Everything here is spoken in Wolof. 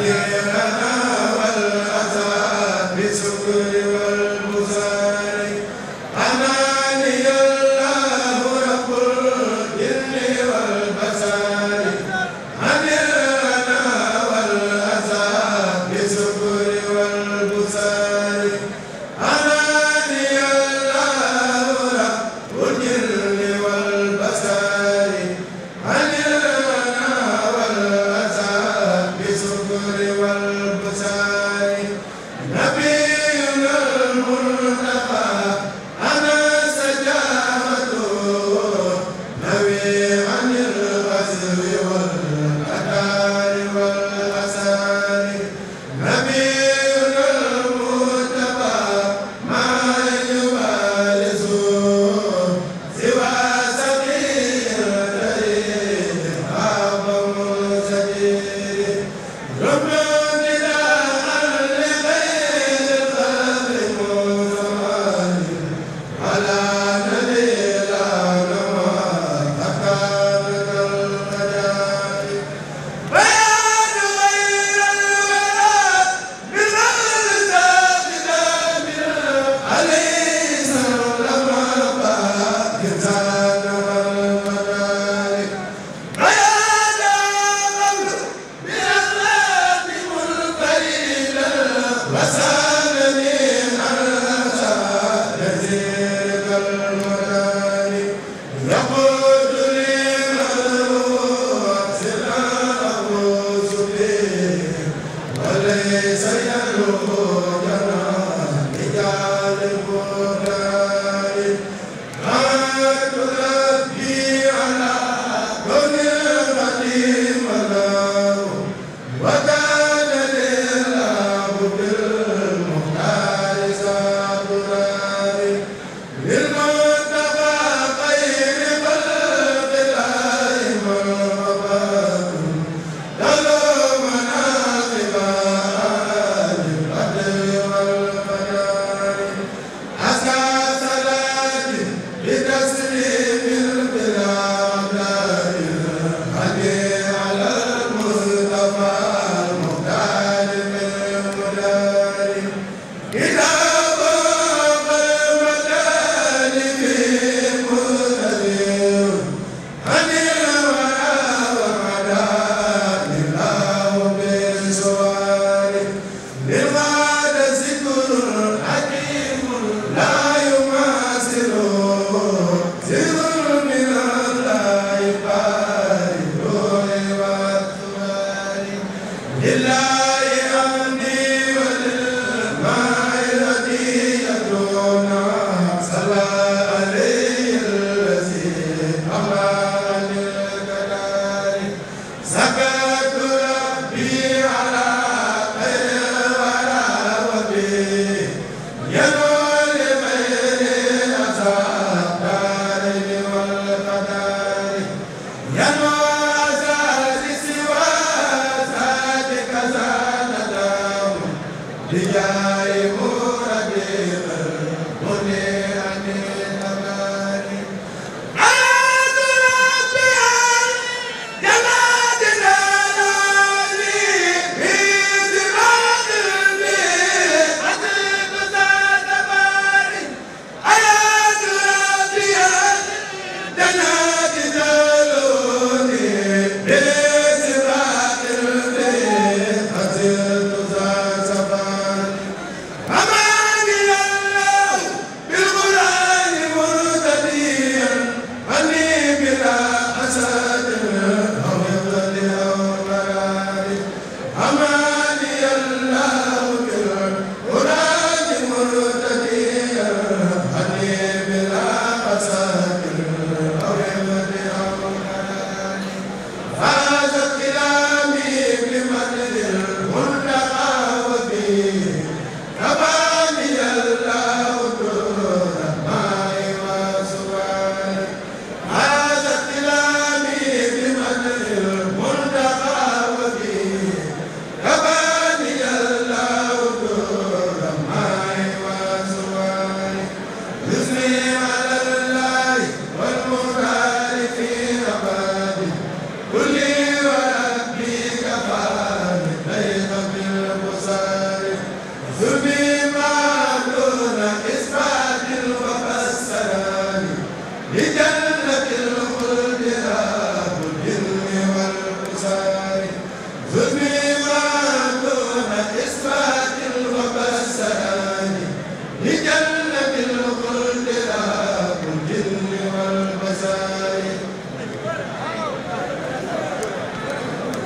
Allez. البشر نبينا المنتقى الجنة الخلد